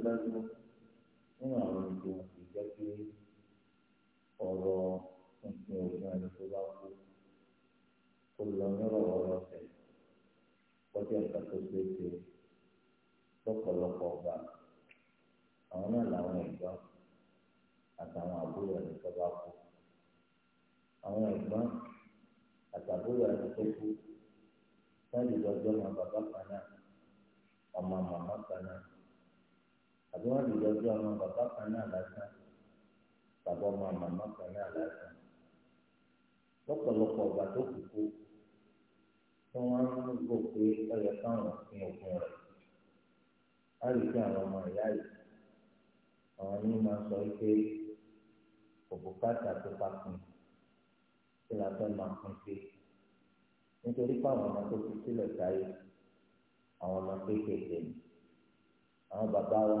síwájú nínú àwọn ètò ìjẹ́ pé ọ̀rọ̀ nǹkan òfin ẹni tó bá kú kó lọ nírọ̀wọ́ lọ́sẹ̀ kọjá ìgbà tó ṣe é ṣe lọ́pọ̀lọpọ̀ ọba àwọn náà làwọn ẹ̀gbọ́n àtàwọn àbúrò ẹni tó bá kú àwọn ẹ̀gbọ́n àtàbúrò ẹni tó kú sáà lè bàbá kan náà ọmọ màmá kan náà àbí wọ́n lè yọjú ọmọ bàbá kan náà lásán bàbá ọmọ màmá kan náà lásán lọ́pọ̀lọpọ̀ ọgbà tó kù kú tí wọ́n ń gbọ́ pé ọyọ káwọn fi òkun rẹ̀ á rí pé àwọn ọmọ ìyá yìí àwọn yìí máa sọ pé òbúkátà tó bá kùn kí la fẹ́ máa kún sí nítorí pé ọmọ tó fi sílẹ̀ sáyé àwọn ọmọ kéékèèké ni àwọn bàbá wa.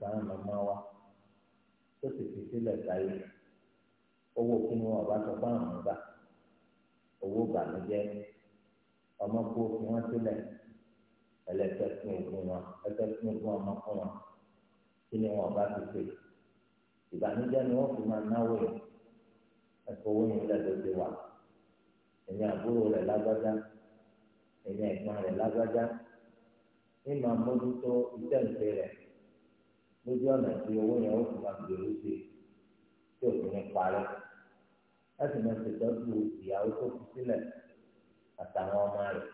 àtàwọn màmá wa tó sì fi sílẹ̀ sáyé owó kí wọn bá sọ fún àwọn ọgbà owó ìbànújẹ́ ọmọ kó fi wọn sílẹ̀ ẹlẹ́fẹ́ fún ogun wọn ẹfẹ́ fún ogun ọmọ fún wọn wọn bá ti ìbànújẹ́ ni wọ́n fi máa náwó yẹn ẹ̀fọ́ owó yẹn ti wà lójú ọ tí owó yẹn ó fi máa gbèrú sí tí òfin ní parẹ́ láti máa ṣètọ́jú ìyàwó tó fi sílẹ̀ àtàwọn ọmọ rẹ̀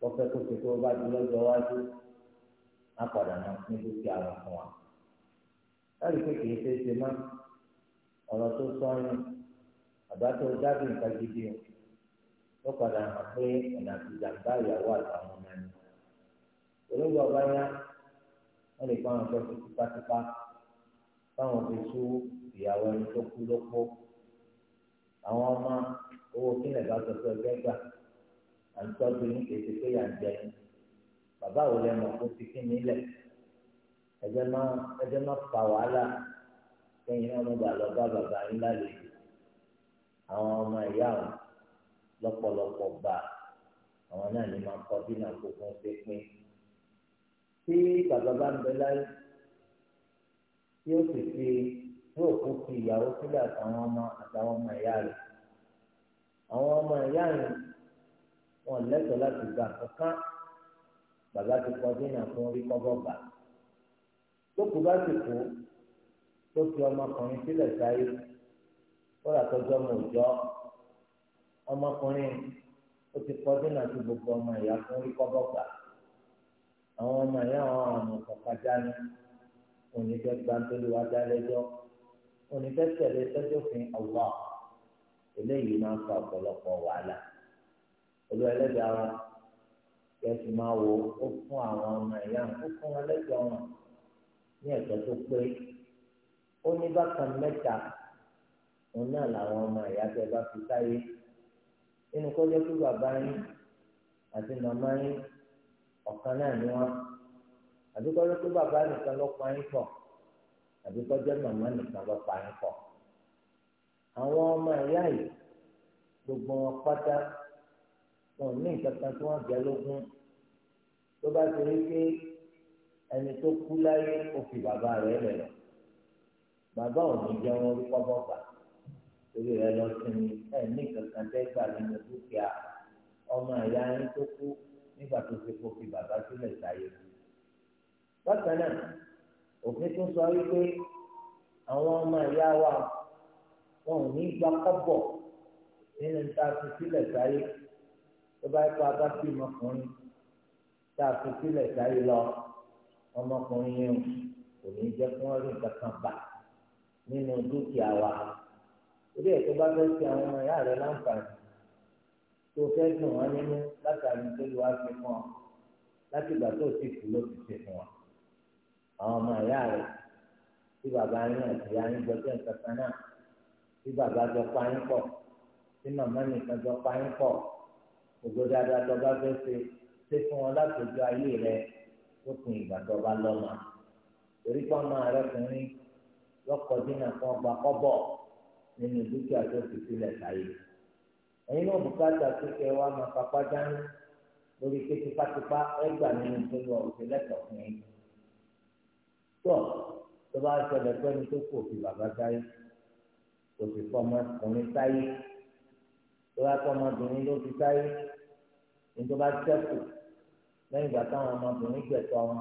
wọ́n fẹ́ kó ṣe tó bá di lọ́jọ́ iwájú á padà máa dúkìá fún wa. láti pé kìí ṣe é ṣe ọ̀rọ̀ tó sọ́yìn àbá tó nǹkan wọ́n lè fáwọn ọjọ́ tó tipátipá fáwọn fi tú ìyàwó ẹni tó kú lópó àwọn ọmọ owó kílẹ̀ bá sọ pé ẹgbẹ́ gbà à ń tọ́jú ní kété pé yà ń jẹ bàbá wo lẹ́nu ọ̀pọ̀ ti kí ni lẹ̀ ẹjẹ́ má ẹjẹ́ má fa wàhálà kẹ́yìn náà mo gbà lọ bá bàbá yín lálejò àwọn ọmọ ìyá wọn lọ́pọ̀lọpọ̀ gbà àwọn náà ní máa kọ́ bí náà kó fún ṣe pín tí bàbá bá ń bẹ láyé tí ó sì fi tí òkú fi ìyàwó sílẹ̀ àtàwọn ọmọ àtàwọn ọmọ ìyá rẹ̀ àwọn ọmọ ìyá rẹ̀ wọn lẹ́tọ̀ọ́ láti gbà kankan bàbá ti kọ dínà fún orí kọ́bọ̀ gbà lókù bá sì kú tó fi ọmọkùnrin sílẹ̀ sáyé kọ́lá tọ́jú ọmọ òjọ́ ọmọkùnrin ó ti kọ dínà sí gbogbo ọmọ ìyá fún orí kọ́bọ̀ gbà àwọn ọmọ ẹ̀yà àwọn àmọ̀ kọ̀ọ̀kan dání onífẹ́ gbàntolúwa dálẹ́jọ́ onífẹ́ tẹ̀lé sẹ́jọ́fin ọ̀wá eléyìí máa ń fa ọ̀pọ̀lọpọ̀ wàhálà olú ẹlẹ́dàá wa kẹsì máa wo ó fún àwọn ọmọ ẹ̀yà ó fún wọn lẹ́jọ́ wọn ní ẹ̀tọ́ tó pé ó ní bákan mẹ́ta òun náà làwọn ọmọ ẹ̀yà tẹ bá fi sáyé nínú kọjá tó bàbá yín àti màmá yín ọ̀kan náà ni wọ́n àdúgbò ló tó bàbá nìkan lọ pa yín pọ̀ àdúgbò jẹ́ màmá nìkan lọ pa yín pọ̀ àwọn ọmọ ìyá yìí gbogbo wọn pátá wọn ní nǹkan kan tí wọ́n jẹ lógún tó bá ti rí pé ẹni tó kú láyé ó fi bàbá rẹ̀ lẹ̀ lọ bàbá ò ní jẹ́ wọn rúkọ bọgbà torí rẹ̀ lọ sí ni ẹ ní nǹkan kan tẹ́ gbà nínú dúkìá ọmọ ìyá yín tó tó ṣe kó fi bàbá sílẹ̀ sáyé bákan náà òfin tó sọ wípé àwọn ọmọ ìyá wa wọn ò ní gba kọ́bọ̀ nínú tá a fi sílẹ̀ sáyé tó bá yẹ kó a bá fi ọmọkùnrin tá a fi sílẹ̀ sáyé lọ ọmọkùnrin yẹn kò ní jẹ́ kí wọ́n rí nǹkan kan bà nínú dúkìá wa torí ẹ̀ tó bá fẹ́ ṣe àwọn ọmọ ìyá rẹ̀ láǹfààní tó fẹ́ dùn wọn nínú látàrí tó lù wá fi fún ọ láti ìgbà tó ti kú ló ti ṣe fún ọ. àwọn ọmọ ìyá rẹ tí bàbá yín àti ìyá yín gbọ́dọ̀ nǹkan kan náà tí bàbá jọ pa yín pọ̀ tí màmá nìkan jọ pa yín pọ̀ gbogbo dáadáa tó bá fẹ́ ṣe ṣe fún wọn láti ojú ayé rẹ tó kun ìgbà tó bá lọ́mọ. torí pé ọmọ rẹ kùnrin lọ́kọ̀ọ́dínà kan gba kọ́bọ̀ nínú dúkìá tó fi sílẹ̀ sáyé ẹ̀yin náà bùkátà kíkẹ́ wa máa papá dání lórí pé tipátipá ẹgbà nínú ìṣòro ọ̀sẹ̀ lẹ́tọ̀ọ́ fún yín. tó tó bá ṣẹlẹ̀ pẹ́ni tó kù òfin bàbá sáyé kò sì fọ ọmọkùnrin sáyé tó bá tọ́ ọmọbìnrin ló fi sáyé ní tó bá ṣẹ́kù lẹ́yìn ìgbà táwọn ọmọbìnrin gbẹ̀tọ́ wọn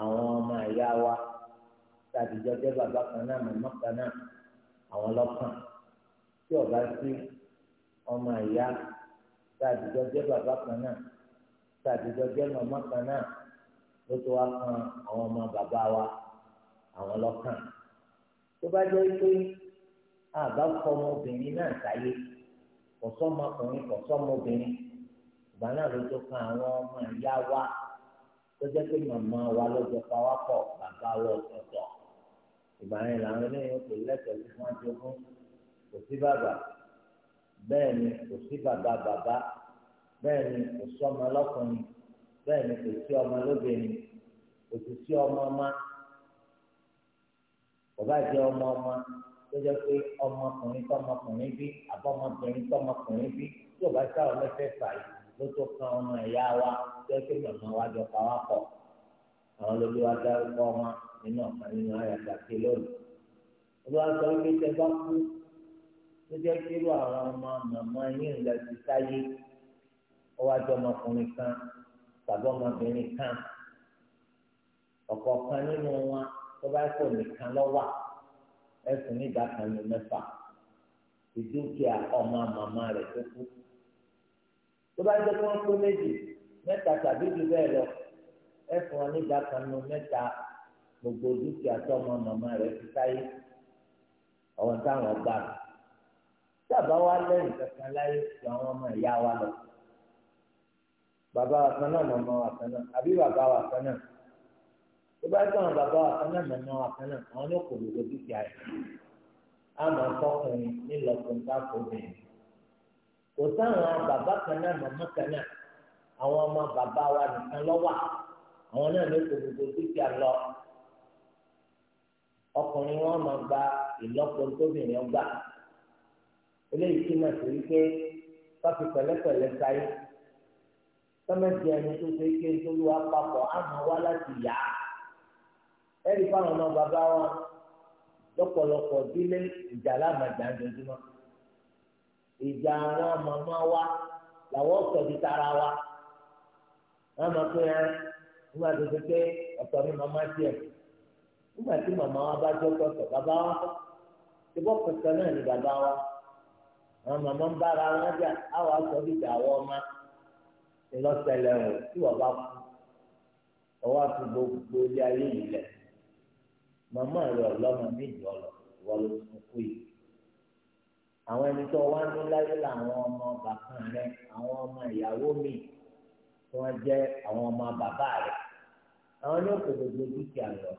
àwọn ọmọ ẹ̀yà wa tàbí jọjẹ́ bàbá kan náà mọ̀mọ́ kan náà àwọn lọ́kàn tí ọ̀gá sí ọmọ ìyá tá a dìjọ jẹ́ bàbá kan náà tá a dìjọ jẹ́ màmá kan náà ló tó wá kan àwọn ọmọ bàbá wa àwọn lọ́kàn tó bá jẹ́ pé àbá kọ ọmọbìnrin náà sáyé kò sọ́mọkùnrin kò sọ́mọbìnrin ìgbà náà ló tó kan àwọn ọmọ ìyá wa tó jẹ́ pé màmá wa ló jọ pa wá pọ̀ bàbá wa ọ̀tọ̀ọ̀tọ̀ ìgbà yẹn làwọn eléyìí ó pè lẹ́tọ̀ọ́ sí wọn jogún kò sí bàbá bẹ́ẹ̀ ni kò sí bàbá bàbá bẹ́ẹ̀ ni kò sí ọmọ lọ́kùnrin bẹ́ẹ̀ ni kò sí ọmọ lóbìnrin kò sì sí ọmọ ọmọ bàbá jẹ́ ọmọ ọmọ tó jẹ́ pé ọmọkùnrin tọmọkùnrin bí àbọ̀mọbìnrin tọmọkùnrin bí tí bá sáwọn mẹ́fẹ̀ẹ̀fà yìí ló tó kan ọmọ ẹ̀yà wa jẹ́ pé màmá wa jọ pa wá pọ̀ àwọn olórí wa dárúkọ wọn nínú ọ̀kan nínú ayàtà kí lónìí olúwa sọ wípé tẹ bá kú. tó jẹ́ kírú àwọn ọmọ màmá yín ìlà ti sáyé ọwọ́ àti ọmọkùnrin kan tàbí ọmọbìnrin kan ọ̀kọ̀ọ̀kan nínú wọn tó bá kọ̀ nìkan lọ́wọ́ ẹ̀sùn ní ìdákan ní mẹ́fà ìdúkìá ọmọ màmá rẹ̀ tó kú tó bá jẹ́ kí wọ́n pé méjì tàbí lọ wọn sábà wá lẹ́yìn kankan láyé ju àwọn ọmọ ìyá wa lọ bàbá wa kan náà màmá wa kan náà àbí bàbá wa kan náà tó bá tọ̀ àwọn bàbá wa kan náà màmá wa kan náà àwọn ní kò gbogbo dúkìá rẹ̀ á máa tọkùnrin nílọkùn táàkùn bẹ̀rẹ̀ kò sáwọn bàbá kan náà màmá kan náà àwọn ọmọ bàbá wa nìkan lọ́wọ́ àwọn náà ní kò gbogbo dúkìá lọ ọkùnrin wọn máa gba ìlọ́po tóbìnrin ọgbà eléyìí túmọ̀ sí wípé káfí pẹ̀lẹ́pẹ̀lẹ́ sáyé sọ́mẹ́tì ẹni tó ṣe ké nítorí wàá papọ̀ àmọ́ wá láti yá ẹ̀rí fáwọn ọmọ bàbá wa lọ́pọ̀lọpọ̀ délé ìjà alámàjà ńdojúmọ́ ìjà àwọn màmá wa làwọn ọ̀sọ̀ di tara wa wọ́n máa pín ẹ́ nígbà tó ṣe pé ọ̀tọ̀ ni màmá tiẹ̀ nígbà tí màmá wa bá jọ́ tọ̀tọ̀ bàbá wa ṣe bọ́ náà ni bàbá wa àwọn màmá ń bára wọn jà àwọn aṣọ dídà àwọn ọmọ ńlọsẹlẹ o tí wọn bá kú ọwọ́ àti gbogbo ilé ayé yìí lẹ màmá rẹ ọlọmọ méjì ọlọ wọn ló tún kú yìí àwọn ẹni tó wá ní láyé làwọn ọmọ bàbá rẹ àwọn ọmọ ìyàwó mi tí wọn jẹ àwọn ọmọ bàbá rẹ àwọn ní òkè gbogbo dúkìá lọ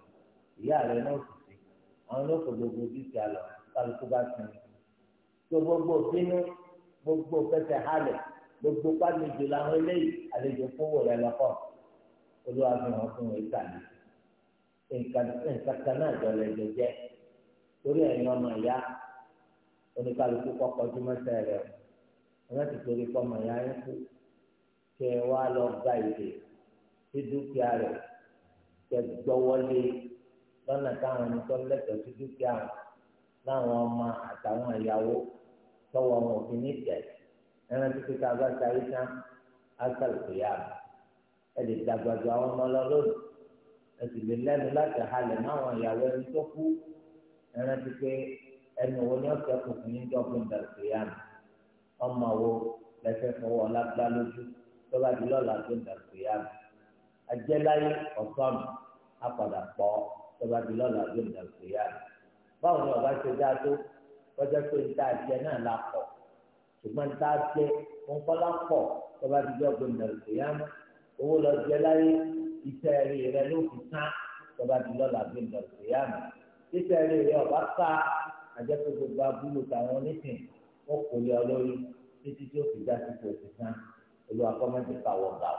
ìyá rẹ náà sì sí àwọn ní òkè gbogbo dúkìá lọ kálukú bá sinmi tó gbogbo bínú gbogbo fẹsẹ̀ halẹ̀ gbogbo pàdéjò làwọn eléyìí àlejò kówó rẹ lọ́kọ̀ olúwa fi hàn fún wọn ìtàlẹ̀ nǹkan kan náà jọ lẹ́jọ jẹ́ torí ẹ̀yin ọmọ ìyá oníkálukú kọ́kọ́ tó mẹ́sẹ̀ rẹ̀ ọmọ ti torí kọ́ ọmọ ìyá yín kú kẹ wá lọ gba ìdè sí dúkìá rẹ̀ kẹ gbọ́wọ́lé lọ́nà táwọn ẹni tó lẹ́tọ̀ọ́ sí dúkìá rẹ̀ láwọn ọmọ àtàwọn ìyàwó tọwọ́ wọn òfin ní tẹ̀ ẹran títí tá a bá sáré tán á sàlùkù yá mi ẹ lè dàgbàdo àwọn ọmọ lọ lónìí ẹ sì lè lẹ́nu láti halẹ̀ máwọn ìyàwó ẹni tó kú ẹran títí ẹnu wo ni ọ̀sẹ̀ kù fún yín dọ́gbìn dàlùkù yá mi ọmọ wo lẹsẹ̀ fọwọ́ lágbá lójú tó di lọ́la tó dàlùkù yá mi ajẹ́láyé ọ̀sán mi á di lọ́la tó dàlùkù yá mi báwo ni ọba ṣe dá tó kọjá pé níta àjẹ náà la pọ̀ ṣùgbọ́n níta àjẹ wọn kọ́ la pọ̀ tọba ti jọ gbẹmí náà lòdì yá mọ́ owó lọ jẹ láyé iṣẹ́ rí rẹ ló fi tán tọba ti lọ́la gbẹmí náà lòdì yá mọ́ iṣẹ́ rí rẹ ọba ká àjẹpẹ́ gbogbo abúlé tàwọn onísìn wọn kò lé ọ títí tí ó fi já sí kò tán olú akọ́mọ́tì ká wọ gbà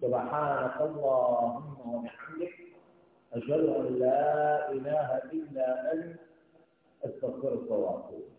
tọba ha ara tó lọ ọ̀hún ọ̀hún ọ̀hún ẹ̀ṣọ́ lọ́la ìlà ìlà ẹ̀ استغفرك واتوب